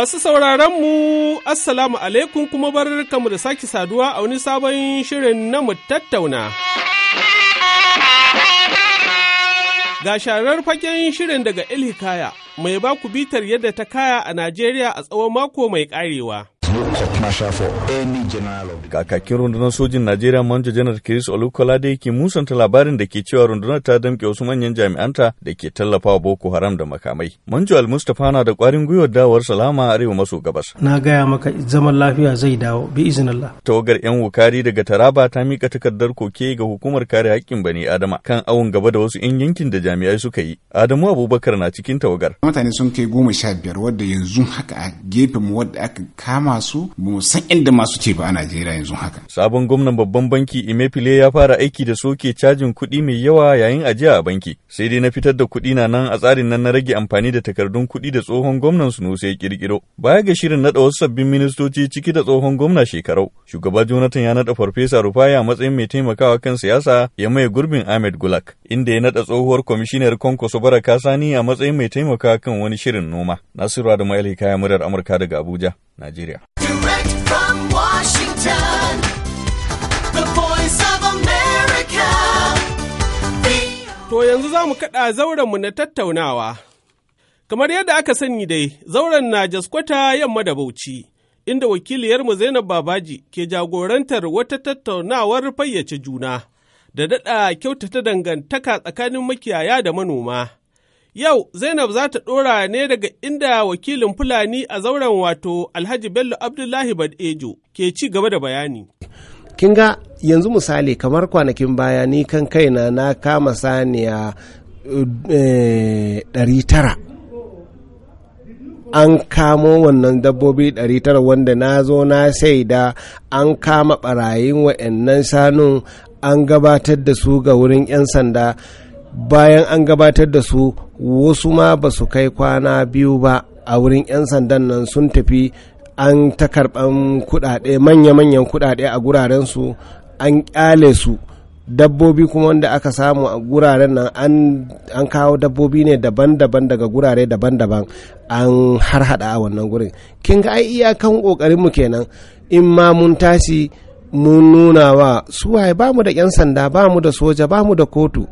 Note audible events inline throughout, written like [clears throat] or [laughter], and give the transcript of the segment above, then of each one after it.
Masu sauraron mu Assalamu alaikum kuma bar kamu da sake saduwa a wani sabon shirin na mu tattauna. Ga sharar fagen shirin daga Ilhikaya mai baku bitar yadda ta kaya a Najeriya a tsawon mako mai karewa. of Masha for any general of the Kakakin rundunar sojin Najeriya Manja Janar Chris Olukolade ke musanta labarin da ke cewa rundunar ta damke wasu manyan jami'anta da ke tallafawa Boko Haram da makamai. Manjo Al Mustapha na da kwarin gwiwar dawowar salama arewa maso gabas. Na gaya maka zaman lafiya zai dawo bi iznillah. Tawagar yan wukari daga Taraba ta mika takardar koke ga hukumar kare haƙƙin bani Adama kan awon gaba da wasu 'yan yankin da jami'ai suka yi. Adamu Abubakar na cikin tawagar. Mutane sun kai goma sha biyar wadda yanzu haka a gefen wadda aka kama su mu san inda masu ce ba a Najeriya yanzu haka. Sabon gwamnan babban banki emefile ya fara aiki da soke cajin kuɗi mai yawa yayin ajiya a banki. Sai dai na fitar da kuɗi na nan a tsarin nan na rage amfani da takardun kuɗi da tsohon gwamnan su ya kirkiro. Baya ga shirin naɗa wasu sabbin ministoci ciki da tsohon gwamna shekarau. Shugaba Jonathan ya naɗa Farfesa Rufaya a matsayin mai taimakawa kan siyasa ya maye gurbin Ahmed Gulak, inda ya naɗa tsohuwar kwamishinar Kwankwaso Baraka Sani a matsayin mai taimakawa kan wani shirin noma. Nasiru Adamu Alhikaya Kaya Amurka daga Abuja, Najeriya. Washington, the voice of America. To yanzu za mu kaɗa zaurenmu na tattaunawa. Kamar yadda aka sani dai, zauren na jaskwata yamma da bauchi, inda wakiliyarmu Zainab Babaji ke jagorantar wata tattaunawar fayyace juna, da daɗa kyautata dangantaka tsakanin makiyaya da manoma. Yau Zainab za ta ɗora ne daga inda wakilin Fulani a zauren wato Alhaji Bello Abdullahi Badejo ke ci gaba da bayani. Kin ga yanzu misali kamar kwanakin baya ni kan kaina na kama saniya eh, ɗari An kamo wannan dabbobi ɗari wanda na zo na saida an kama ɓarayin wa'annan shanun an gabatar da su ga wurin 'yan sanda. bayan an gabatar da su wasu ma ba su kai kwana biyu ba a wurin 'yan sandan nan sun tafi an ta karɓan kuɗaɗe manya-manyan kuɗaɗe a su an ƙyale su dabbobi kuma wanda aka samu a guraren nan an kawo dabbobi ne daban-daban daga gurare daban-daban an har hada a wannan gurin kin ga ai iyakan ƙoƙarinmu kenan in ma mun tashi mun nuna wa suwaye ba mu da 'yan sanda ba mu da soja ba mu da kotu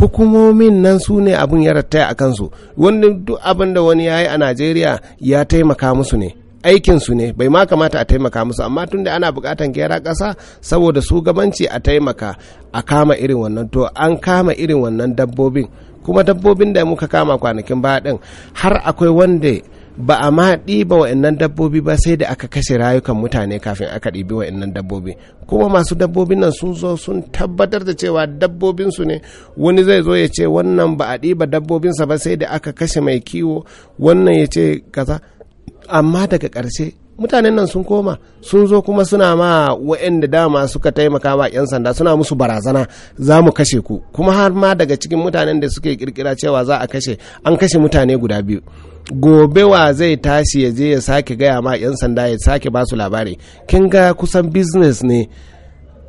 hukumomin nan su ne abin ya rattaya a kansu wani duk abin da wani ya yi a najeriya ya taimaka musu ne aikin su ne bai ma kamata a taimaka musu amma tun da ana bukatan gyara kasa saboda su gabanci a taimaka a kama irin wannan to an kama irin wannan dabbobin kuma dabbobin da muka kama kwanakin baya ɗin har akwai wanda ba a ma ɗiba wa'annan dabbobi ba sai da aka kashe rayukan mutane kafin aka ɗibi wa'annan dabbobi kuma masu dabbobin nan sun zo sun tabbatar da cewa dabbobinsu ne wani zai zo ya ce wannan ba a ɗiba dabbobinsa ba sai da aka kashe mai kiwo wannan ya ce kaza amma daga ƙarshe mutanen nan sun koma sun zo kuma suna ma wa'anda dama suka taimaka wa 'yan sanda suna musu barazana za mu kashe ku kuma har ma daga cikin mutanen da suke kirkira cewa za a kashe an kashe mutane guda biyu gobe wa zai tashi ya je ya sake gaya ma 'yan sanda ya sake basu labari kin ga kusan business ne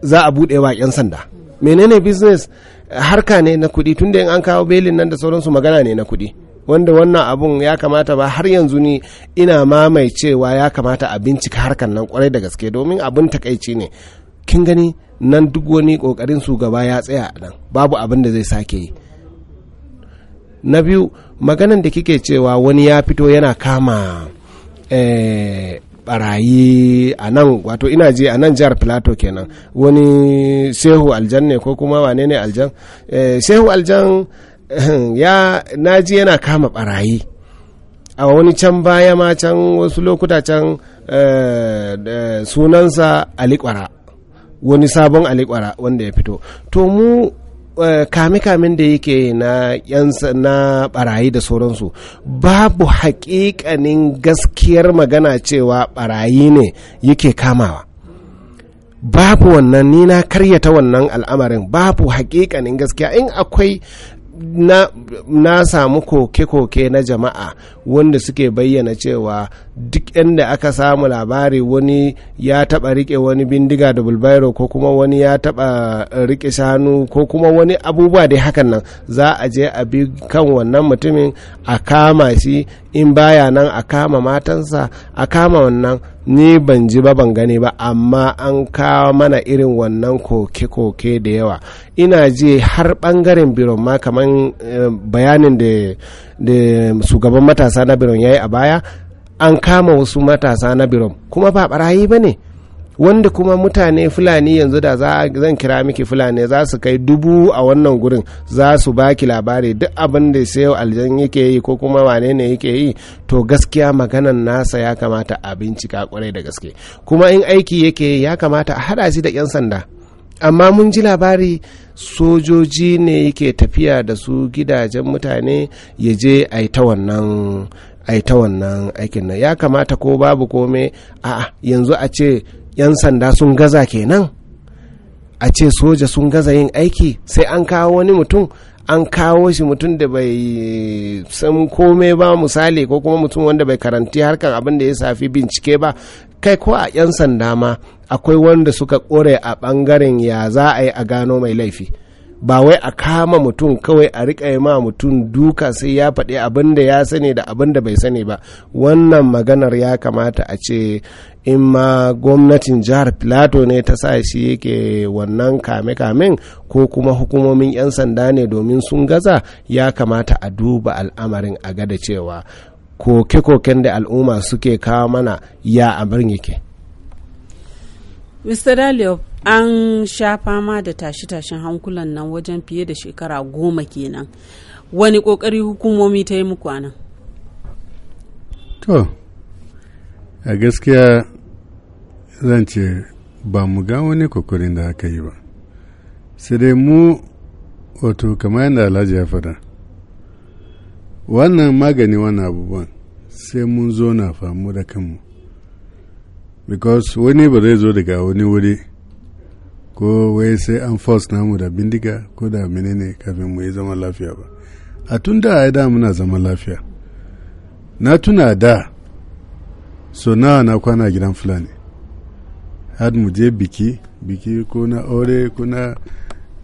za a buɗe wa 'yan sanda menene business harka ne na kuɗi tunda in an kawo belin nan da sauransu magana ne na kuɗi wanda wannan abun ya kamata ba har yanzu ni ina mamai cewa ya kamata a bincika harkan nan kwarai da gaske domin abin takaici ne kin gani nan duk wani kokarin su gaba ya tsaya nan babu abin da zai sake yi na biyu maganan da kike cewa wani ya fito yana kama eh, barayi a nan wato ina je a nan jihar plateau kenan wani shehu aljan ne ko kuma wane ne aljan eh, shehu aljan [clears throat] ya naji yana kama barayi a wani can baya ma can wasu lokuta can eh, sunansa alikwara wani sabon alikwara wanda ya fito to mu eh, kame-kamen da yake na yansa na barayi da sauransu babu haƙiƙanin gaskiyar magana cewa barayi ne yake kamawa babu wannan ni na karyata wannan al'amarin babu hakikanin gaskiya in akwai na, samu koke-koke na jama'a wanda suke bayyana cewa duk inda aka samu labari wani ya taba rike wani bindiga da bulbairo ko kuma wani ya taba rike shanu ko kuma wani abubuwa dai hakan nan za a je a bi kan wannan mutumin a kama shi in baya nan a kama matansa a kama wannan ni ban ji ba ban gani ba amma an kawo mana irin wannan koke-koke da yawa ina ji har bangaren biron ma kamar eh, bayanin da shugaban matasa na biron ya yi a baya an kama wasu matasa na birom kuma ba barayi ba ne wanda kuma mutane fulani yanzu da zan kira miki fulani za su kai dubu a wannan gurin za su baki labari duk abin da sayo aljan yake yi ko kuma wane ne yake yi to gaskiya maganan nasa ya kamata a bincika kwarai da gaske kuma in aiki yake ya kamata a hada shi da yan sanda amma mun ji labari sojoji ne yake tafiya da su gidajen mutane ya je a ta wannan ai wannan aikin nan ya kamata ko babu kome a yanzu a ce 'yan sanda sun gaza kenan a ce soja sun gaza yin aiki sai an kawo wani mutum an kawo shi mutum da bai san kome ba misali ko kuma mutum wanda bai karanti harkar abin da ya safi bincike ba kai ko a 'yan sanda ma akwai wanda suka kore a bangaren ya za a yi a gano mai laifi. ba wai a kama mutum kawai a riƙa ma mutum duka sai ya faɗi abin da ya sani da abin da bai sani ba wannan maganar ya kamata a ce in ma gwamnatin jihar plateau ne ta sa shi yake wannan kame-kamen ko kuma hukumomin 'yan sanda ne domin sun gaza ya kamata a duba al'amarin a gada cewa koke-koken da al'umma suke kawo mana ya abin yake. Mr. Daliop, an sha fama da tashi-tashin hankulan nan wajen fiye da shekara goma kenan wani kokari hukumomi ta yi muku anan to a gaskiya zan ce ba mu ga wani kokarin da aka yi ba sai dai mu wato kamar yadda alhaji ya faɗa wannan magani wani abubuwan sai mun zo na famu da kanmu because wani ba zai zo daga wani wuri ko wai sai an force namu da bindiga ko da menene kafin mu yi zaman lafiya ba a tun da ya da muna zaman lafiya na tuna da so nawa na kwana gidan fulani had mu je biki biki ko na aure ko na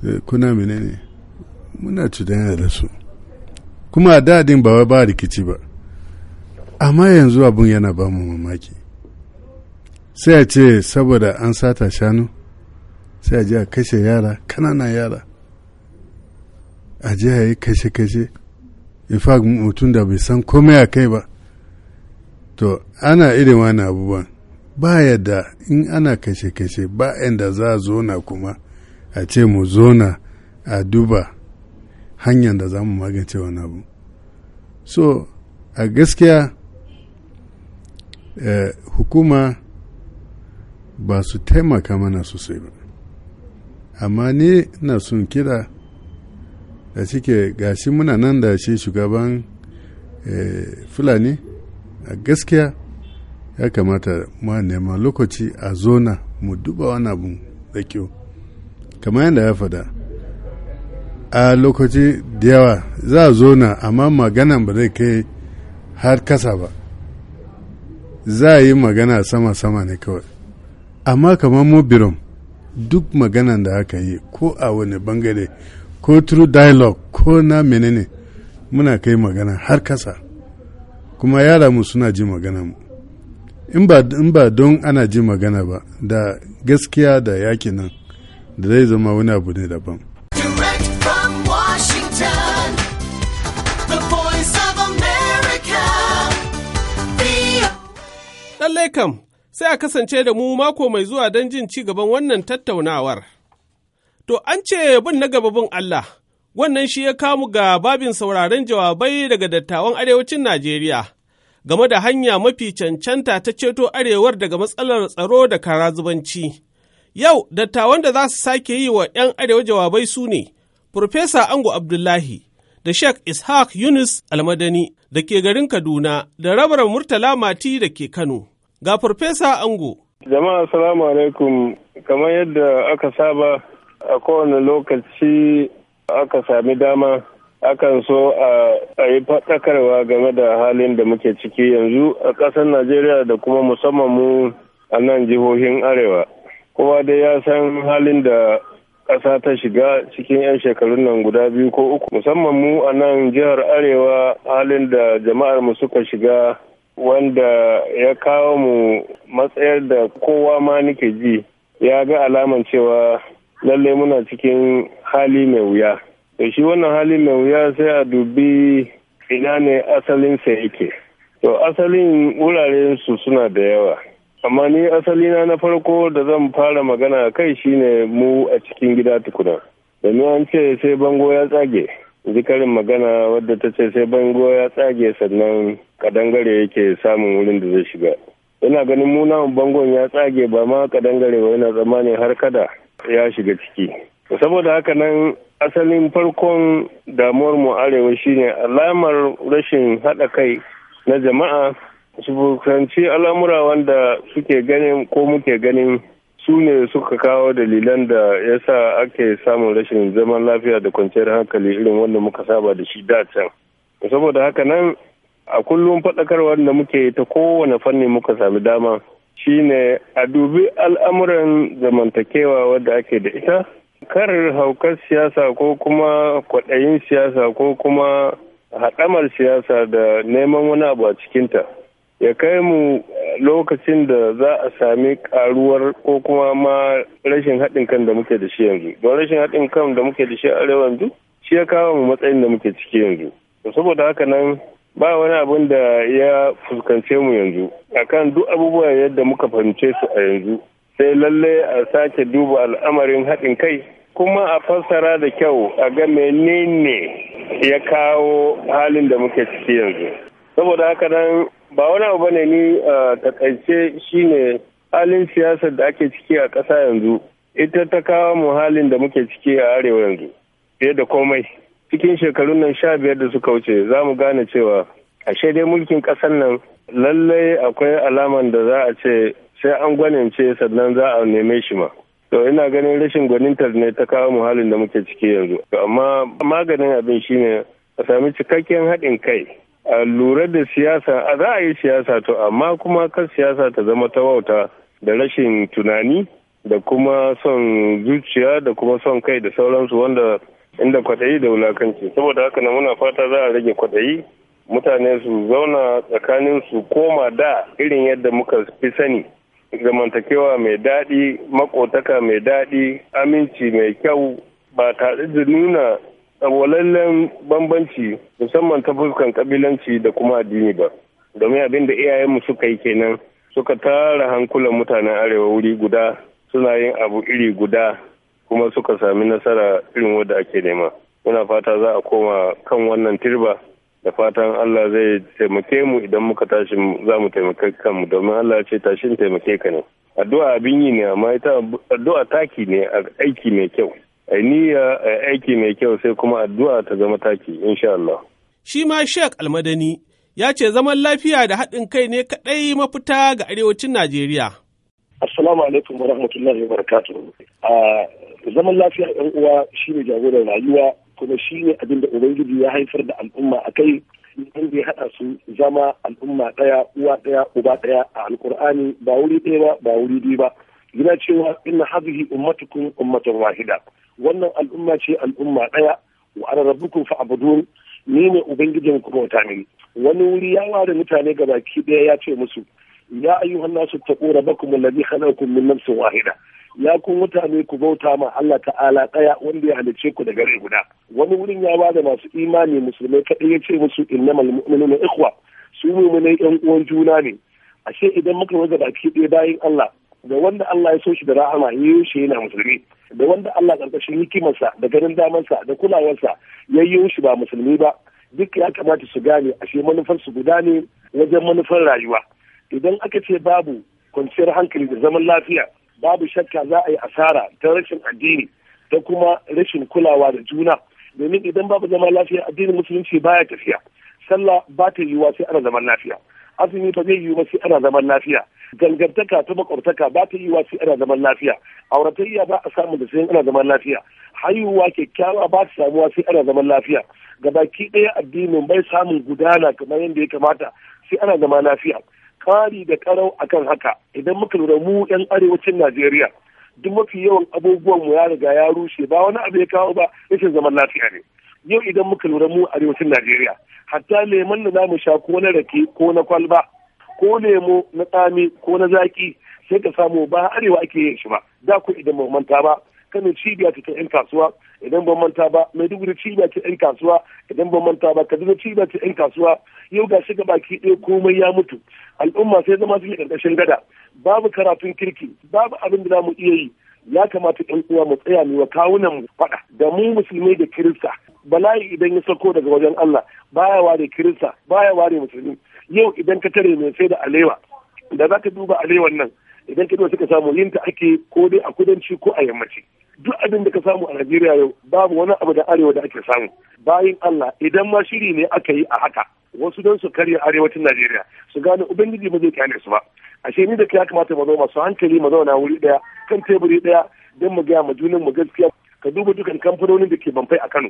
eh, kuna menene muna cudanya da su kuma a dadin ba ba rikici ba amma yanzu abin yana ba mu mamaki sai a ce saboda an sata shanu sai a je a kashe yara kananan yara a je a yi kashe-kashe in fa mutum da bai san komai a kai ba to ana irin wani abubuwan ba yadda in ana kashe-kashe ba da za a zona kuma a ce mu zona a duba hanyar da za mu magance wani abu so a gaskiya eh, hukuma ba su taimaka mana sosai ba amma ne na sun kira da suke gashi muna nan da shi shugaban eh, fulani a gaskiya ya kamata ma nema lokaci a zona mu duba wani abu da kyau kamar yadda ya fada a lokaci da yawa za a zona amma maganan ba zai kai har kasa ba za a yi magana sama-sama ne kawai amma kamar mu birom duk maganan da aka yi ko a wani bangare ko true dialogue ko na menene muna kai magana har kasa kuma yara mu suna ji magana mu in ba don ana ji magana ba da gaskiya da yaki nan da zai zama wani abu ne daban Lallai kam sai a kasance da mu mako mai zuwa don jin ci gaban wannan tattaunawar. To, an ce bin na gaba bin Allah, wannan shi ya kamu ga babin sauraron jawabai daga dattawan arewacin Najeriya game da hanya mafi cancanta ta ceto arewar daga matsalar tsaro da karazubanci. Yau, dattawan da za su sake yi wa ‘yan arewa jawabai su ne, Profesa Ango Abdullahi da Sheikh Ishaq Yunus Almadani da ke garin Kaduna da Rabar Murtala Mati da ke Kano. Ga Farfesa Ango. Jama'a salamu alaikum kamar yadda aka saba a kowane lokaci aka sami dama akan so a yi faɗakarwa game da halin da muke ciki yanzu a ƙasar Najeriya da kuma musamman mu a nan jihohin Arewa. Kowa dai ya san halin da ƙasa ta shiga cikin 'yan shekarun nan guda biyu ko uku musamman mu a nan jihar Arewa halin da jama'ar mu suka shiga wanda ya kawo mu matsayar da kowa ma nake ji ya ga alaman cewa lalle muna cikin hali mai wuya da shi wannan hali mai wuya sai a dubi ina ne asalinsa yake to asalin wuraren su suna da yawa amma ni asali na na farko da zan fara magana kai shine mu a cikin gida tukuna domin an ce sai bango ya tsage karin magana wadda ta ce sai bango ya tsage sannan kadangare yake samun wurin da zai shiga ina ganin munawan bangon ya tsage ba ma kadangare ba yana tsammani har kada ya shiga ciki saboda haka nan asalin farkon damuwar mu arewa shine alamar rashin haɗa kai na jama'a su fuskanci al'amura wanda suke ganin ko muke ganin su ne suka kawo dalilan da ya sa ake samun rashin zaman lafiya da kwanciyar hankali irin wanda muka saba da shi da can saboda haka nan a kullum faɗakarwar da muke ta kowane fanni muka sami dama shine a dubi al'amuran zamantakewa wadda ake da ita kar haukar siyasa ko kuma kwaɗayin siyasa ko kuma haɗamar siyasa da neman wani abu a cikinta ya kai mu lokacin da za a sami karuwar ko kuma ma rashin haɗin kan da muke da shi yanzu don rashin haɗin kan da muke da shi a arewa yanzu shi ya kawo mu matsayin da muke ciki yanzu saboda haka nan ba wani abin da ya fuskance mu yanzu akan duk abubuwa yadda muka fahimce su a yanzu sai lalle a sake duba al'amarin haɗin kai kuma a fassara da kyau a ga menene ya kawo halin da muke ciki yanzu saboda haka nan ba wani abu bane ni takaice shine halin siyasar da ake ciki a ƙasa yanzu ita ta kawo mu halin da muke ciki a arewa yanzu fiye da komai cikin shekarun nan sha biyar da suka wuce za mu gane cewa ashe dai mulkin ƙasar nan lallai akwai alaman da za a ce sai an gwanince sannan za a neme shi ma to ina ganin rashin gwanintar ne ta kawo mu halin da muke ciki yanzu amma maganin abin shine a sami cikakken haɗin kai a lura da siyasa a za a yi siyasa to amma kuma kan siyasa ta zama ta wauta da rashin tunani da kuma son zuciya da kuma son kai da sauransu wanda inda kwaɗayi da wulakanci saboda haka na muna fata za a rage kwaɗayi mutane su zauna tsakanin su koma da irin yadda muka fi sani zamantakewa mai daɗi makotaka mai daɗi aminci mai kyau ba tare da nuna tsawalallen bambanci musamman ta fuskan kabilanci da kuma addini ba domin abin da iyayenmu suka yi kenan suka tara hankulan mutanen arewa wuri guda suna yin abu iri guda kuma suka sami nasara irin wadda ake nema muna fata za a koma kan wannan tirba da fatan Allah zai taimake mu idan muka tashi za mu taimake kanmu domin Allah ce tashin taimake ka ne addu'a abin yi ne amma ita addu'a taki ne aiki mai kyau a niyya aiki mai kyau sai kuma addu'a ta zama taki insha Allah shi ma Sheikh Almadani ya ce zaman lafiya da haɗin kai ne kaɗai mafita ga arewacin Najeriya Assalamu alaikum wa rahmatullahi wa barakatuhu. zaman lafiya ɗan uwa shi ne jagoran rayuwa kuma shi ne abin da Ubangiji ya haifar da al'umma a kai in ya haɗa su zama al'umma ɗaya uwa ɗaya uba ɗaya a alkur'ani ba wuri ɗaya ba ba wuri biyu ba. Yana cewa inna hazihi ummatukum ummatan wahida. Wannan al'umma ce al'umma ɗaya wa ana rabbukum fa'budun ni ne ubangijin kuma wata ne. Wani wuri ya ware mutane gabaki ɗaya ya ce musu ya ayyuhan nasu taqu rabbakum alladhi khalaqakum min nafsin wahida ya ku mutane ku bauta ma Allah ta'ala daya wanda ya halicce ku da gare guda wani wurin ya bada masu imani musulmai kadai ya ce musu innamal mu'minuna ikhwa su mu'minai yan uwan juna ne ashe idan muka waje baki ɗaya bayan Allah da wanda Allah ya so shi da rahama ya yi shi yana musulmi da wanda Allah karkashin hikimarsa da ganin damansa da kulawarsa ya yi shi ba musulmi ba duk ya kamata su gane ashe manufar su guda ne wajen manufar rayuwa idan aka ce babu kwanciyar hankali da zaman lafiya babu shakka za a yi asara ta rashin addini da kuma rashin kulawa da juna domin idan babu zaman lafiya addinin musulunci baya tafiya sallah ba ta yiwuwa sai ana zaman lafiya azumi ba zai yiwuwa sai ana zaman lafiya gangantaka ta makwabtaka ba ta yiwuwa sai ana zaman lafiya auratayya ba a samu da sai ana zaman lafiya haihuwa kyakkyawa ba ta samuwa sai ana zaman lafiya gabaki ɗaya addinin bai samun gudana kamar yadda ya kamata sai ana zaman lafiya kari da karau akan haka idan muka lura mu 'yan arewacin najeriya duk mafi yawan abubuwan mu ya riga ya rushe ba wani abu ya kawo ba rashin zaman lafiya ne yau idan muka lura mu arewacin najeriya hatta lemon da zamu sha ko na rake ko na kwalba ko lemo na tsami ko na zaki sai ka samu ba arewa ake yin shi ba da ku idan mu manta ba kanin cibiya ta 'yan kasuwa idan ban manta ba maiduguri cibiya ce yan kasuwa idan ban manta ba kaduna cibiya ce yan kasuwa yau ga shiga baki ɗaya komai ya mutu al'umma sai zama su ƙarƙashin gada babu karatun kirki babu abin da za mu iya yi ya kamata ɗan uwa mu tsaya mu wa kawunan mu faɗa da mu musulmai da kirista bala'i idan ya sauko daga wajen Allah baya ware kirista baya ware musulmi yau idan ka tare mai sai da alewa da za ka duba alewan nan idan ka duba suka samu yin ta ake ko dai a kudanci ko a yammaci duk abin da ka samu a Najeriya yau babu wani abu da arewa da ake samu bayan Allah idan ma shiri ne aka yi a haka wasu don su karya arewacin Najeriya su gane ubangiji ba zai kyale su ba ashe ni da ya kamata mu zo masu hankali mu zauna wuri daya kan teburi daya dan mu gaya ma junan mu gaskiya ka duba dukan kamfanonin da ke banfai a Kano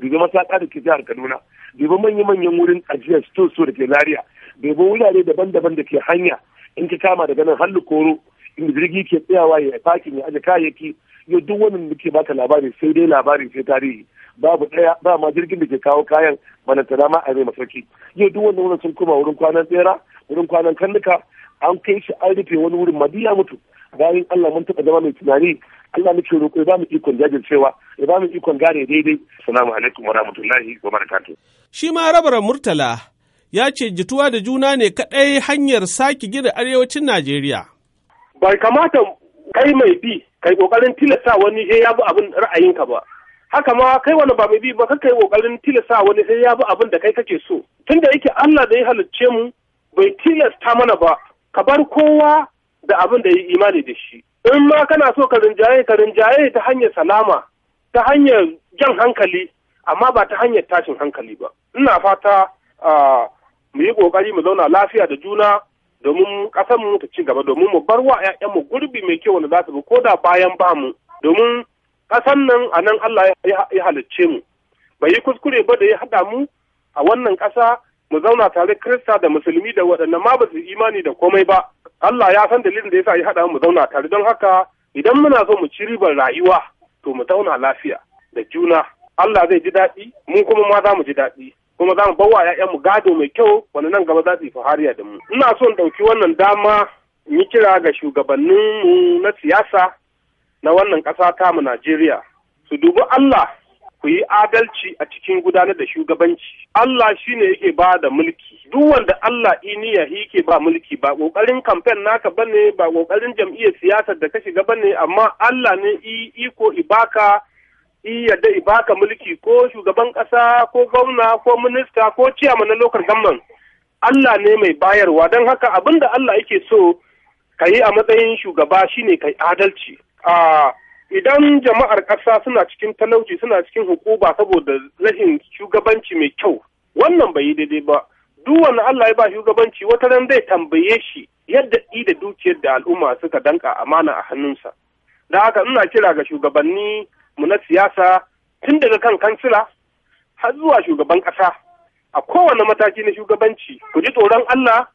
dubi masaka da ke jihar Kaduna dubi manya-manyan wurin ajiyar store da ke Lariya. dubi wurare daban-daban da ke hanya in ka kama daga nan har Koro in jirgi ke tsayawa ya fakin ya aje kayayyaki yau duk wannan da ke baka labari sai dai labari sai tarihi babu daya ba ma jirgin da ke kawo kayan bana ta dama a mai masauki yau duk wannan wurin sun koma wurin kwanan tsera wurin kwanan kannuka an kai shi an rufe wani wurin madiya mutu bayan Allah mun taɓa zama mai tunani Allah muke roƙo ya ba mu ikon jajircewa ya ba mu ikon gane daidai assalamu alaikum wa rahmatullahi wa barakatuh shi ma rabara murtala ya ce jituwa da juna ne kaɗai hanyar sake gina arewacin Najeriya. Bai kamata kai mai bi kai kokarin tilasta wani sai ya bi abin ra'ayinka ba haka ma kai wani ba mai bi ba kai kokarin tilasta wani sai ya bi abin da kai kake so tunda yake Allah da ya halicce mu bai tilasta mana ba ka bar kowa da abin da ya yi imani da shi in ma kana so ka rinjaye ka rinjaye ta hanyar salama ta hanyar jan hankali amma ba ta hanyar tashin hankali ba ina fata ah, mu yi kokari mu zauna lafiya da juna domin ƙasar mu ta ci gaba domin mu bar wa ya'yan mu gurbi mai kyau wanda za su bi ko da bayan ba mu domin ƙasar nan a nan Allah ya halicce mu bai yi kuskure ba da ya hada mu a wannan ƙasa mu zauna tare Kirista da Musulmi da waɗannan ma ba su imani da komai ba Allah ya san dalilin da ya sa ya haɗa mu zauna tare don haka idan muna so mu ci ribar rayuwa to mu zauna lafiya da juna Allah zai ji daɗi mu kuma ma za mu ji daɗi kuma za mu bawa mu gado mai kyau wani nan gaba za su yi fahariya da mu. Ina son ɗauki wannan dama yi kira ga shugabanninmu na siyasa na wannan ƙasa mu Najeriya. Su dubi Allah ku yi adalci a cikin gudanar da shugabanci. Allah shi ne yake ba da mulki. Duk wanda Allah iniya yake ba mulki ba ƙoƙarin kamfen naka bane ba ƙoƙarin jam'iyyar siyasar da ka shiga bane amma Allah ne iko ibaka i yadda ibaka mulki ko shugaban ƙasa ko gwamna ko minista ko ciyama na lokar gamman Allah ne mai bayarwa don haka abin da Allah yake so ka yi a matsayin shugaba shine ka adalci a idan jama'ar ƙasa suna cikin talauci suna cikin hukuba saboda rashin shugabanci mai kyau wannan bai yi daidai ba duk wani Allah ya ba shugabanci wata ran zai tambaye shi yadda i da dukiyar da al'umma suka danka amana a hannunsa. Da haka ina kira ga shugabanni mu na siyasa tun daga kan kansila har zuwa shugaban ƙasa a kowane mataki na shugabanci ku ji tsoron Allah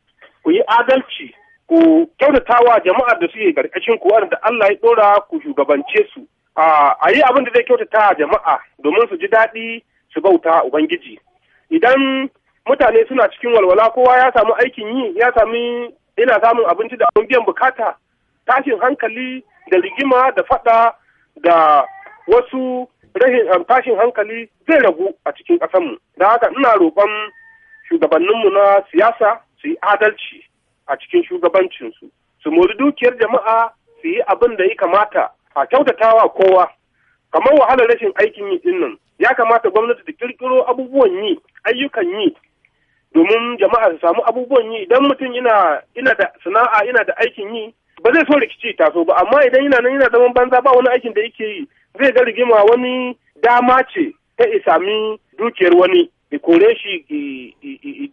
ku yi adalci ku kyautatawa jama'ar da suke karkashin ku da Allah ya dora ku shugabance su a yi abin da zai kyautata jama'a domin su ji daɗi su bauta ubangiji idan mutane suna cikin walwala kowa ya samu aikin yi ya sami ina samun abinci da abin biyan bukata tashin hankali da rigima da fada da wasu rashin um, tashin hankali zai ragu a cikin ƙasarmu. Da haka ina roƙon shugabanninmu na siyasa su yi adalci a cikin shugabancinsu. Su mori dukiyar jama'a su yi abin da ya kamata a kyautatawa kowa. Kamar wahalar rashin aikin yi din nan, ya kamata gwamnati ta kirkiro abubuwan yi, ayyukan yi, domin jama'a su samu abubuwan yi idan mutum ina da sana'a ina da aikin yi ba zai so rikici taso ba amma idan yana nan yana zaman banza ba wani aikin da yake yi zai ga rigima wani dama ce ta isami dukiyar wani i kore shi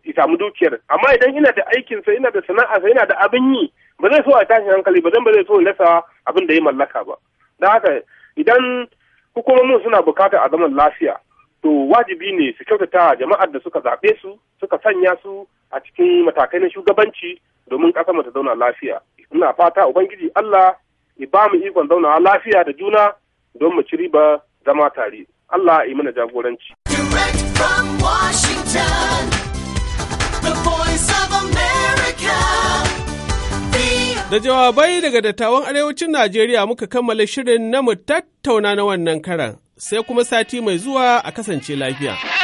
isami dukiyar amma idan ina da aikinsa ina da sana'a sa ina da abin yi ba zai so a tashi hankali ba zan ba zai so rasa abin da ya mallaka ba don haka idan hukumomin suna bukatar a zaman lafiya to wajibi ne su kyautata jama'ar da suka zaɓe su suka sanya su a cikin matakai na shugabanci domin ƙasar mu zauna lafiya ina fata ubangiji Allah ya bamu ikon zauna lafiya da juna don mu ci riba zama tare. Allah ya yi mana jagoranci. Da jawabai daga dattawan arewacin Najeriya muka kammala shirin na mu tattauna na wannan karan, sai kuma sati mai zuwa a kasance lafiya.